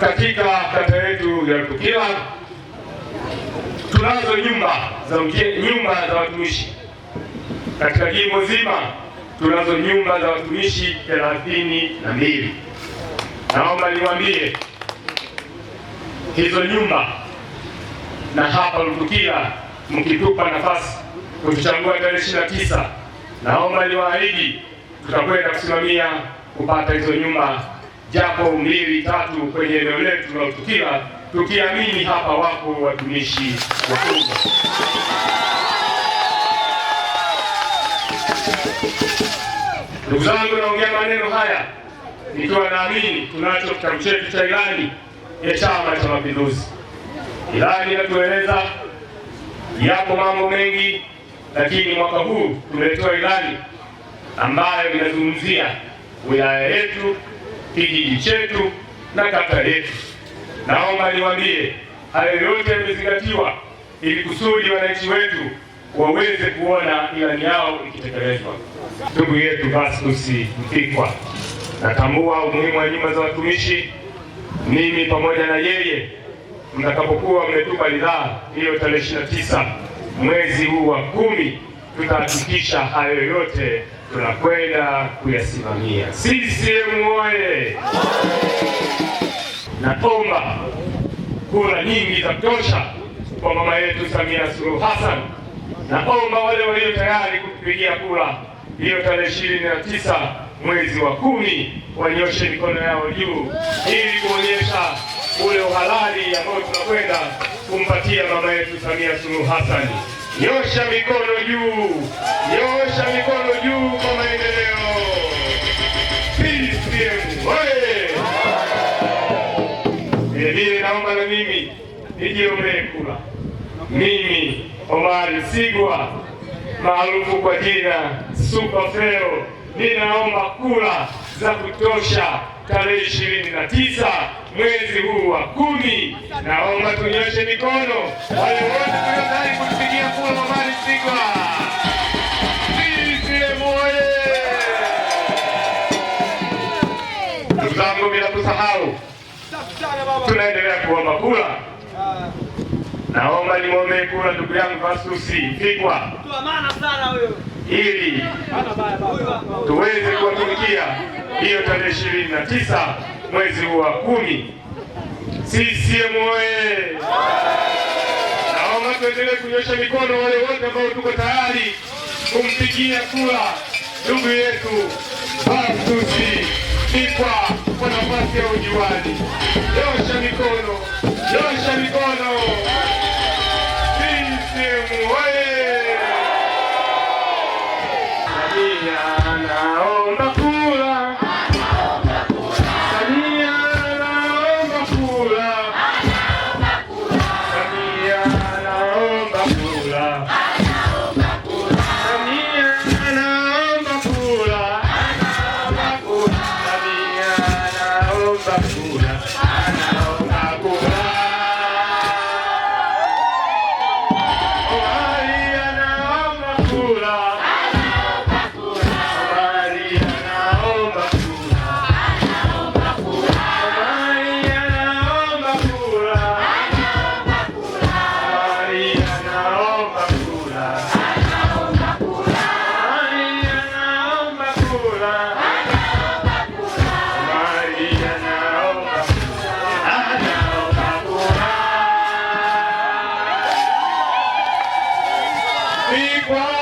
katika kata yetu ya Lutukila tunazo nyumba za nyumba za watumishi katika jimbo zima tunazo nyumba za watumishi thelathini na mbili. Naomba niwaambie hizo nyumba, na hapa Lutukila mkitupa nafasi kutuchagua tarehe ishirini na tisa, naomba niwaahidi tutakwenda kusimamia kupata hizo nyumba japo mbili tatu kwenye eneo letu tunalotukila, tukiamini hapa wako watumishi wakubwa. Ndugu zangu, naongea maneno haya nikiwa naamini tunacho kitabu chetu cha ilani ya Chama cha Mapinduzi. Ilani inatueleza yapo mambo mengi, lakini mwaka huu tumetoa ilani ambayo inazungumzia wilaya yetu kijiji chetu na kata yetu. Naomba niwaambie hayo yote yamezingatiwa, ili kusudi wananchi wetu waweze kuona ilani yao ikitekelezwa. Ndugu yetu Vastus Mtikwa, natambua umuhimu wa nyumba za watumishi. Mimi pamoja na yeye, mtakapokuwa mmetupa ridhaa hiyo tarehe 29 mwezi huu wa kumi, tutahakikisha hayo yote tunakwenda kuyasimamia. CCM oye! Natomba kura nyingi za kutosha kwa mama yetu Samia Suluhu Hassan. Naomba wale walio tayari kupigia kura hiyo tarehe ishirini na tisa mwezi wa kumi wanyoshe mikono yao juu ili kuonyesha ule uhalali ambao tunakwenda kumpatia mama yetu Samia Suluhu Hassan. Nyosha mikono juu, nyosha mikono juu kwa maendeleo. CCM oye! Vilevile eh, naomba na mimi nijiombee kura, mimi Omari Sigwa maarufu kwa jina Super Feo ninaomba kura za kutosha tarehe ishirini na tisa mwezi huu wa kumi. Naomba tunyoshe mikono wale wote tuliotayari kutupigia kura. Mamani Msigwa CCM oye! Ndugu zangu, bila kusahau, tunaendelea kuomba kura. Naomba nimwombee kura ndugu yangu Vasusi ili tuweze kuwatumikia hiyo tarehe ishirini na tisa mwezi huu wa kumi. CCM oye Naomba tuendelee kunyosha mikono wale wote ambao tuko tayari kumpigia kura ndugu yetu Pastusi Ikwa kwa nafasi ya leo. Yeah, oh. now. Wow.